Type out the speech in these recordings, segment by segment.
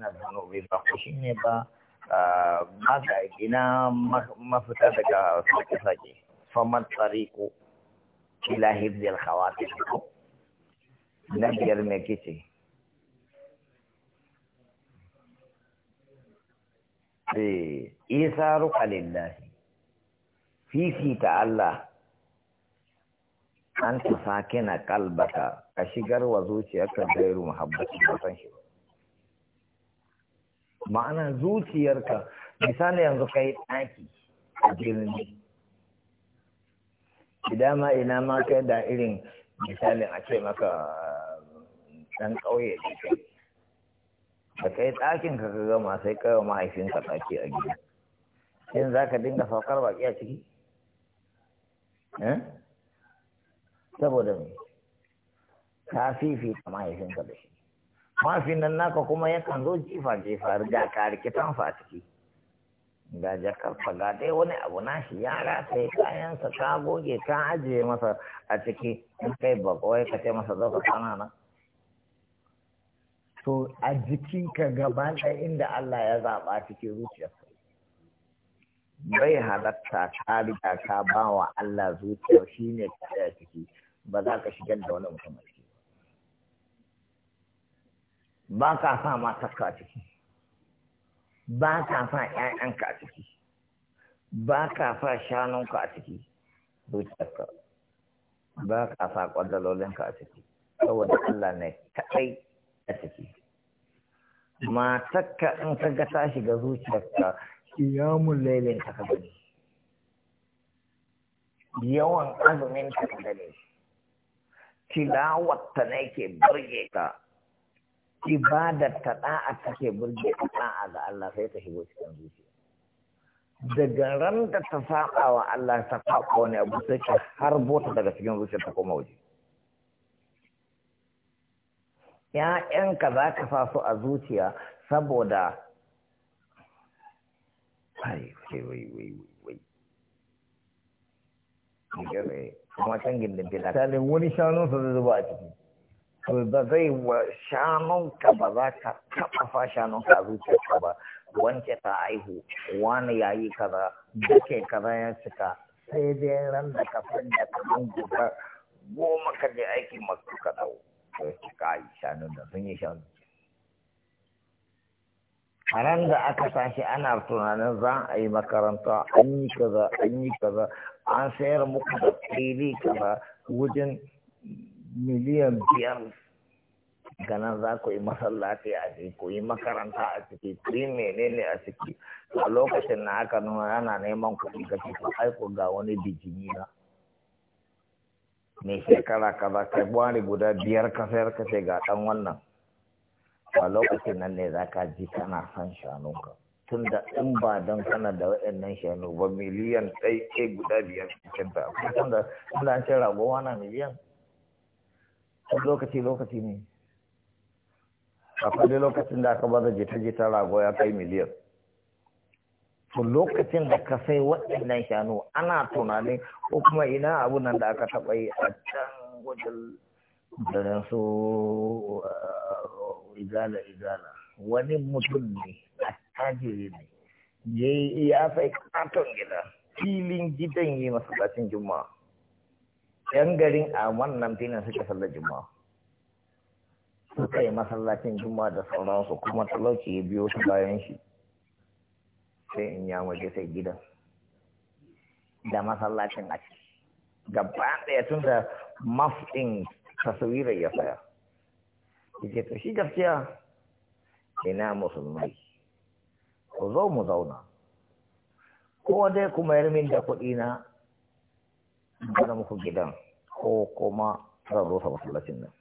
da hannubi ba ku shi ne ba maka ah, ina mafita daga sake-sake faman ila shi ko na biyar mai kice eh, isa ruka lillahi fifita Allah an tufa kina kalbaka ka shigar wa zuciyarka gairu muhabbatin san shi ba ma'ana zuciyarka misali yanzu kai ɗaki a birni idan ma ina ma kai da irin misali a ce maka ɗan ƙauye da kai ɗakin ka ka gama sai kai mahaifinka ɗaki a gida In za ka dinga saukar baki a ciki eh? saboda me ka fifita mahaifinka da shi mafin nan naka kuma yakan zo jifa-jifa ga karikitan fa ciki ga jakarsa ga dai wani abu nashi yara sai kayansa ka goge ka ajiye masa a ciki in kai bakwai ka ce masa zo ka nan to a jikinka gaba ɗaya inda Allah ya zaɓa cikin zuciya bai halatta ka riga ka ba wa Allah zuciya shi ne ka ciki ba za ka shigar da wani mutum ba ka sa matarka a ciki ba ka sa ƴaƴanka a ciki ba ka sa shanunka a ciki zuciyarka ba ka sa ƙwadalolinka a ciki saboda Allah ne kaɗai a ciki matarka in ka ga ta shiga zuciyarka kiyamun lailin ka gani yawan azumin ka gani tilawar ta ne ke burge ka ibadar ta da'a take burge ta da'a ga Allah sai ta shigo cikin zuciya daga ran da ta saba wa Allah ta saba wani abu sai ta harbo daga cikin zuciya ta koma waje ‘ya'yanka za ka sa su a zuciya saboda wai wai wai wai wai kuma can gindin fila. Talin wani shanunsa zai zuba a ciki. to da zai wa shanunka ba za ka taɓa fa shanunka a zuciyarka ba wance ta aihu wani yayi kaza duke kaza ya cika sai dai ran da ka sanya kaman gobe goma ka je aikin masu ka dawo sai cika yi shanun da sun yi shan a ran da aka tashi ana tunanin za a yi makaranta an yi kaza an yi kaza an sayar muku da fili kaza wajen miliyan biyar ganin za ku yi masallaci a ciki ku yi makaranta a ciki ku yi menene a ciki a lokacin na aka nuna yana neman kuɗi ciki ai ku ga wani bijini na mai shekara kaza kai buwari guda biyar ka sayar ka ce ga ɗan wannan a lokacin nan ne za ka ji kana son ka tun da in ba don kana da waɗannan shanu ba miliyan ke guda biyar cikin da kuma tun da an ce rabuwa na miliyan lokaci lokaci ne a faɗi lokacin da aka baza jita-jita rago ya kai miliyan to lokacin da ka sai waɗannan shanu ana tunani ko kuma ina abu nan da aka taɓa yi a can wajen da so izala-izala. wani mutum ne a tajiri ne ya sai katon gida filin gidan yi masallacin juma'a yan garin a wannan filin suke sallar juma'a suka yi masallacin juma'a da sauransu kuma talauci ya biyo su bayan shi sai in ya waje sai gidan da masallacin a ciki gaba ɗaya tun da maf ɗin taswirar ya saya yake to shi gaskiya ina musulmai ku zo mu zauna ko dai kuma yarmin da kuɗi na da muku gidan ko kuma tara rusa masallacin nan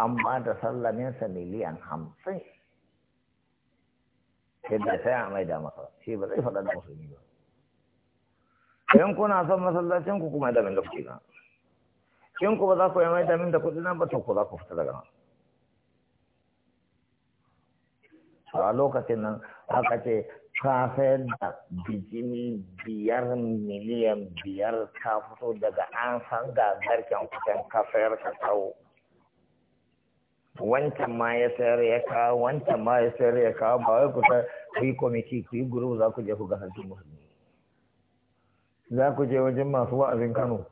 an ba da sallaminsa miliyan hamsin yadda sai a da masa shi ba zai faɗa da musulmi ba Yan kuna son masallacin ku kuma da min da kuɗi na in ku ba za ku yi da min da kuɗi na ba to ku za ku fita daga nan a lokacin nan aka ce ka sayar da bijimi biyar miliyan biyar ta fito daga an san garken kusan ka ka kawo wancan ma ya sayar ya kawo wancan ma ya sayar ya kawo ba wai kusa ku yi kwamiti ku yi guru za ku je ku ga hajji musulmi za ku je wajen masu wa'azin kano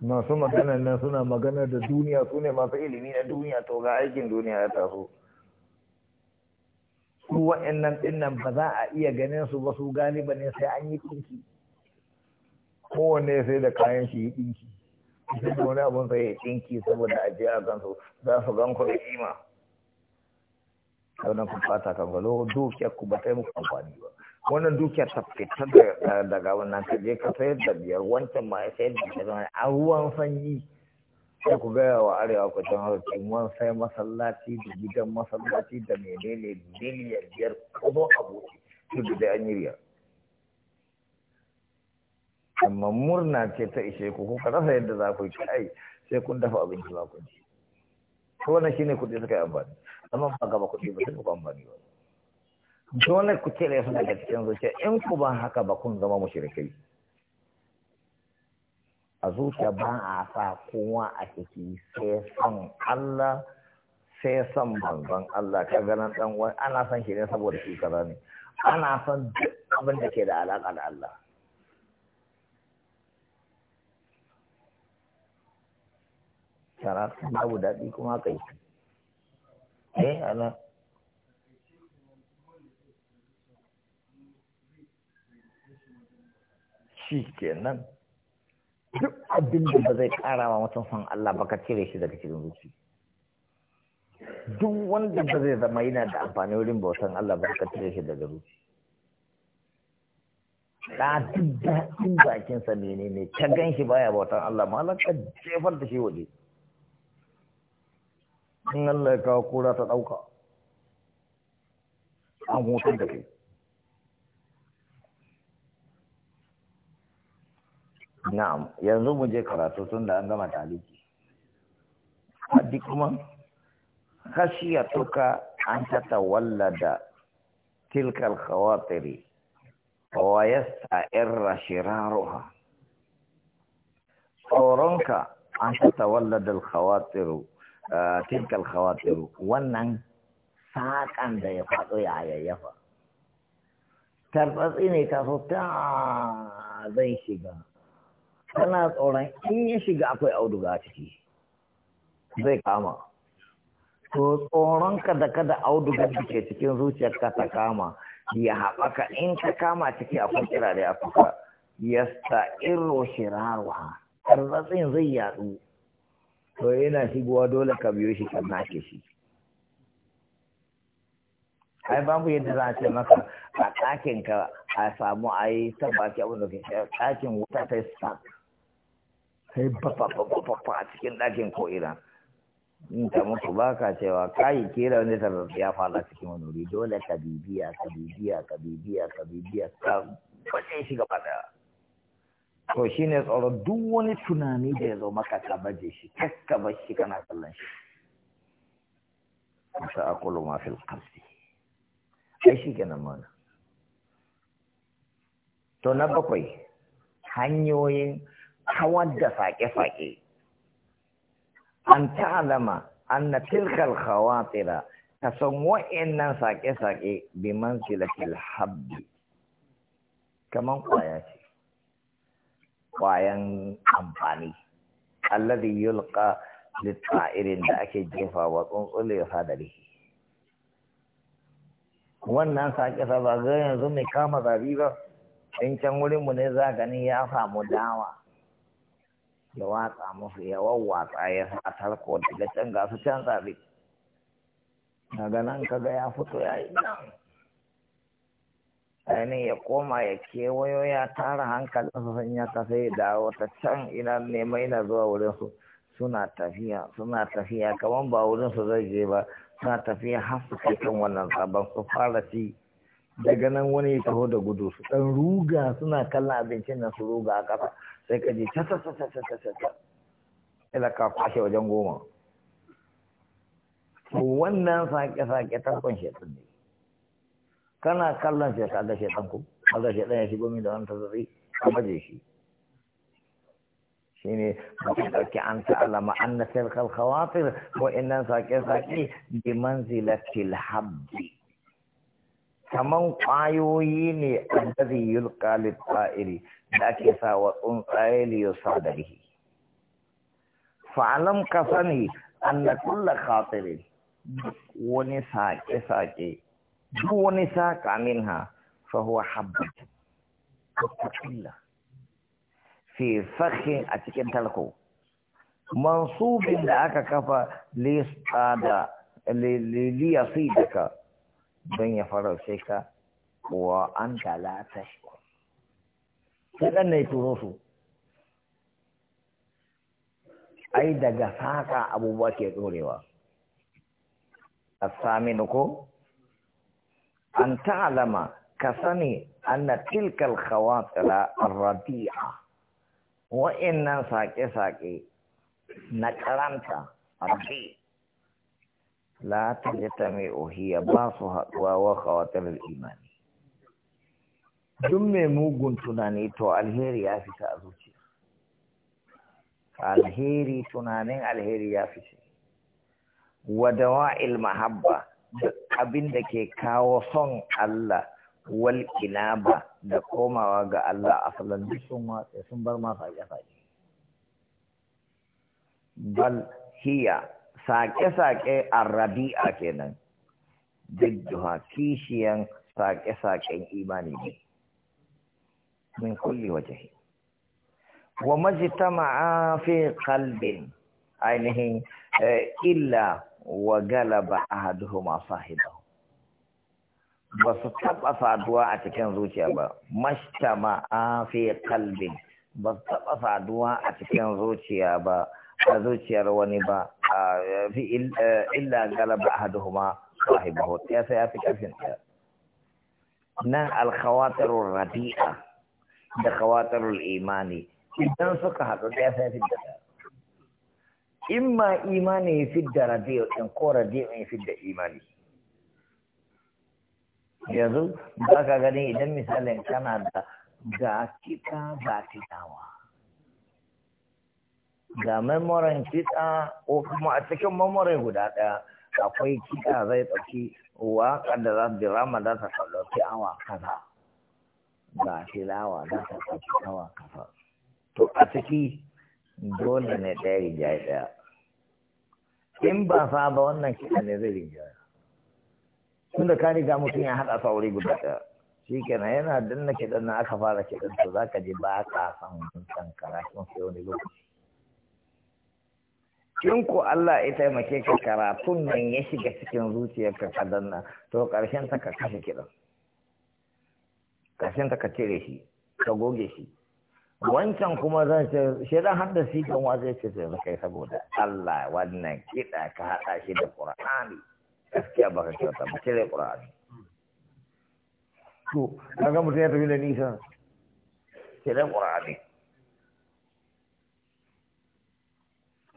masu maganar nan suna maganar da duniya su ne masu ilimi na duniya to ga aikin duniya ya taso su wa'annan dinnan ba za a iya ganin su ba su galiba ne sai an yi ɗinki kowanne sai da kayan shi yi ɗinki sai wani abun sai ya ɗinki saboda a je a su za su gan ku da kima sannan ku fata kan galo dukiyar ku ba sai yi muku amfani ba wannan dukiyar ta fitar daga wannan ka je ka sayar da biyar wancan ma ya sayar da biyar a ruwan sanyi sai ku gaya wa arewa kwacin harkar wani sai masallaci da gidan masallaci da menene miliyan biyar kuma aboki su da an yi riya amma murna ce ta ishe ku kuka rasa yadda za ku yi kai sai kun dafa abinci ba ku ci to wannan shine kuɗi suka yi amfani amma ba gaba kuɗi ba sai ku amfani ba dole ku cire su daga cikin zuciya in ku ba haka ba kun zama mushrikai a zuciya ba a sa kowa a ciki sai son Allah sai son manzon Allah ka ganin dan wani ana son shi ne saboda shi kaza ne ana son abin da ke da alaka da Allah karatu babu daɗi kuma kai eh ana shi kenan abin da ba zai ƙara wa mutum son Allah ba ka cire shi daga cikin zuci duk wanda ba zai zama yana da amfani wurin bautan Allah ba ka cire shi daga zuci da duk daɗin bakinsa ne ne ta gan shi baya bautan Allah ma. Allah ka jefar da shi waje in Allah ya kawo kura ta ɗauka an hutun da kai na'am yanzu mu je karatu tun da an gama taliki haddi kuma toka an walla tilka al-khawatir wa yasta'irra shiraruha tsoronka an tata walla da eh, tilka al wannan saƙan da ya faɗo ya yayyafa Tarfatsi ne ta so ta zai shiga tana tsoron in ya shiga akwai auduga a ciki zai kama to tsoron ka da kada auduga da ke cikin zuciyarka ta kama ya haɓaka in ka kama ciki akwai kirare a kusa ya sta'irro shirarwa tarbatsin zai yadu. to yana shigowa dole ka biyo shi kan nake shi ai babu yadda za a ce maka a ɗakin ka a samu a yi tabbaki baki abin da ke ɗakin wuta ta yi Ka sai bafafafafa a cikin ɗakin ko'ina in ka mutu ba ka cewa kayi kera wani tarrafi ya fara cikin wani wuri dole ka bibiya ka bibiya ka bibiya ka bibiya ka baje shi gaba daya to ne tsoro duk wani tunani da ya zo maka ka baje shi kakka bar shi kana kallon shi masa aqulu ma fil qalbi ai shi kenan mana to na bakwai hanyoyin kawar da sake-sake an ta'alama anna tilkal khawatira ka san wa'annan saƙe sake bi manzilatil habbi kaman kwaya ce kwayan amfani alladhi yulqa litta'irin da ake jefa wa tsuntsule ya sadari wannan sake ba yanzu mai kama zabi ba in can wurinmu ne za gani ya samu dawa ya watsa musu ya wawwatsa ya sa tarko daga can ga su can zabe daga nan kaga ya fito ya yi nan ainihin ya koma ya kewayo ya tara su sun ya kasa ya dawo ta can ina nema ina zuwa wurinsu suna tafiya suna tafiya kamar ba wurin su zai je ba suna tafiya har kai kan wannan sabon su fara ci daga nan wani ya taho da gudu su ɗan ruga suna kallon abincin nan su ruga a kafa sai ka je ta ta ta ta ta ila ka kwashe wajen goma wannan sake-sake kun shetan ne kana kallon shi ka da shetan ku Allah shaitan ya shigo min da wani tazari a maje shi shine ka dauki an ta'alama an na tilkal khawatir wa'innan sake-sake bi manzilatil habbi kaman kwayoyi ne allazi yulqa lit-ta'iri da ake sa wa tsuntsaye li yusadahi fa'alam ka sani anna kullu khatirin wani sake sake duk wani saka minha fa huwa habbatun kulla fi fakhin a cikin talko mansubin da aka kafa li yasada li don ya fara sai ka wa an la tashkur sai dan ne turo su ai daga saka abubuwa ke dorewa asami ko an ta'lama ka sani anna tilkal khawatira ar-radi'a inna sake-sake na karanta arbi la ta jatami'u ohiya ba su haɗuwa wa khawatamil imani duk mai mugun tunani to alheri ya fita a zuciya alheri tunanin alheri ya fice wa dawa'il mahabba abin da ke kawo son Allah wal inaba da komawa ga Allah asalan duk sun sun bar ma faje faje bal hiya sake-sake rabi'a kenan jujjuha kishiyan sake-saken imani ne min kulli waje wa majtama'a fi qalbin ainihin eh, illa wa galaba ahaduhuma sahibahu ba su taɓa saduwa a cikin zuciya ba mashtama'a fi qalbin ba su taɓa saduwa a cikin zuciya ba a zuciyar wani ba fi eh, illa galaba ahaduhuma sahibahu ya sai ya fi karfin ɗaya nan alkhawatarul rabi'a da khawatarul imani idan suka haɗu ɗaya sai fi ɗaya in ma imani ya da radiyo ɗin ko radiyo ya da imani yanzu ba ka gani idan misalin kana da ga kiɗa ga tilawa ga memoran kiɗa ko kuma a cikin memory guda ɗaya akwai kiɗa zai ɗauki waƙar da za dirama za ta ɗauki awa kaza shi lawa za ta ɗauki awa kaza to a ciki dole ne ɗaya rinjaye ɗaya in ba sa ba wannan kiɗa ne zai rinjaye tun da ka riga mutum ya haɗa sauri guda ɗaya shi kenan yana danna kiɗan na aka fara kiɗan to za ka ji ba ka san kankara kuma sai wani lokaci in ko Allah ya taimake ka karatun nan ya shiga cikin zuciyarka ka danna to karshen ta ka kashe kiɗan karshen ta ka cire shi ka goge shi wancan kuma zan ce shi zan hada shi kan wa zai ce sai yi saboda Allah wannan kiɗa ka haɗa shi da Qur'ani gaskiya ba ka kyauta ba cire Qur'ani to kaga mutum ya tafi da nisa cire Qur'ani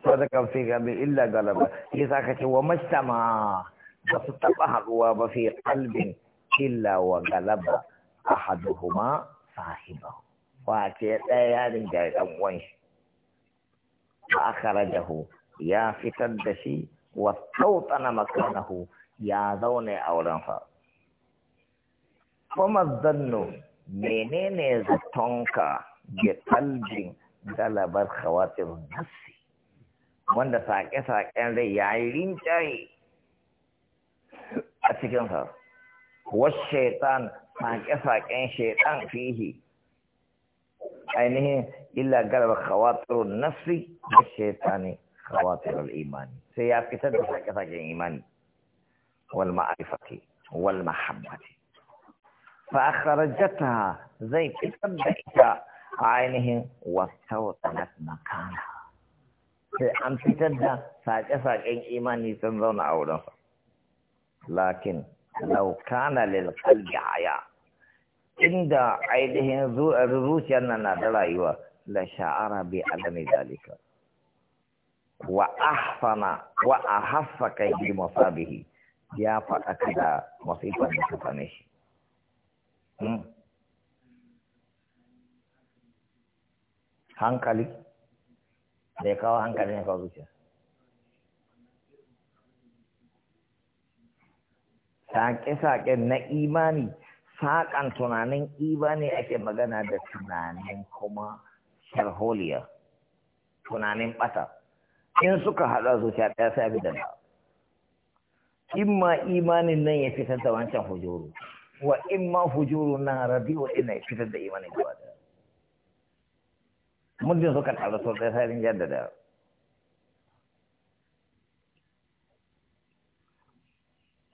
kan fi gami illa galaba shi za ka ce wa mastama ba su taɓa haɗuwa ba fi albin illa wa galaba a haduhuma sahiba wa ce ɗaya yarin da ya ɗan wani a akara da hu ya fitar da shi wa sautsana makanahu ya zaune a wurin fa kuma menene zaton ka ga galabar khawatir nasi wanda saƙe-saƙen rai ya yi rinjaye a cikinsa wasu shaitan saƙe-saƙen shaitan fihi ainihin illa garba khawatirun nafsi da shaitani khawatirul imani sai ya fitar da saƙe-saƙen imani wal ma'arifati wal mahabbati fa akhrajataha zai fitar da ita ainihin wastawtanat makana sai an fitar da saƙe-saƙen imani sun zauna a wurinsa lakin laukana lil qalbi haya inda ainihin zuciyar nan na da rayuwa la sha'ara bi alami dalika wa ahfana wa a hafa kai bi masabihi ya faɗa kada masifan da ka shi hmm? hankali da ya kawo hankalin ya kawo zuciya saƙe saƙen na imani saƙan tunanin imani ake magana da tunanin kuma sharholiya tunanin ɓata in suka haɗa zuciya ɗaya sai abin da na in ma imanin nan ya fitar da wancan hujuru wa in ma hujuru na Rabi'u wa na ya fitar da imanin gaba muddin suka taru sau ɗaya sai rinjar da daya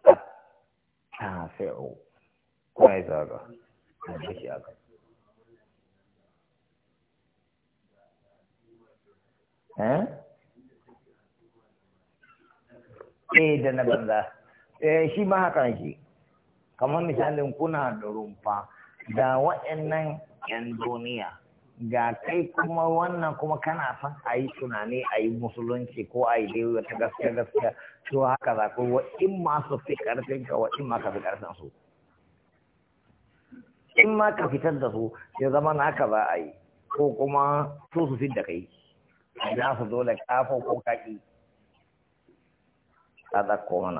ah, ah, ta sai o kuma ya zaga a jiki aka eh? eh da na banza eh shi ma hakan shi kamar misalin kuna da rumfa da waɗannan 'yan duniya ga kai kuma wannan kuma kana son a yi tunani a yi musulunci ko a yi dai wata gaske gaske to haka za ku in ma su fi karfin ka in ma ka fi karfin su in ma ka fitar da su ya zama ka za a yi ko kuma su su fit da kai za su dole kafa ko kaki a ɗauko